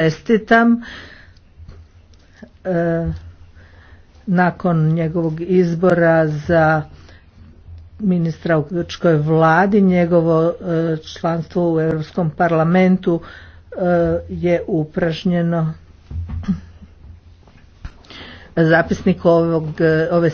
Čestitam e, nakon njegovog izbora za ministra u grčkoj vladi, njegovo e, članstvo u Europskom parlamentu e, je upražnjeno zapisnik ovog, ove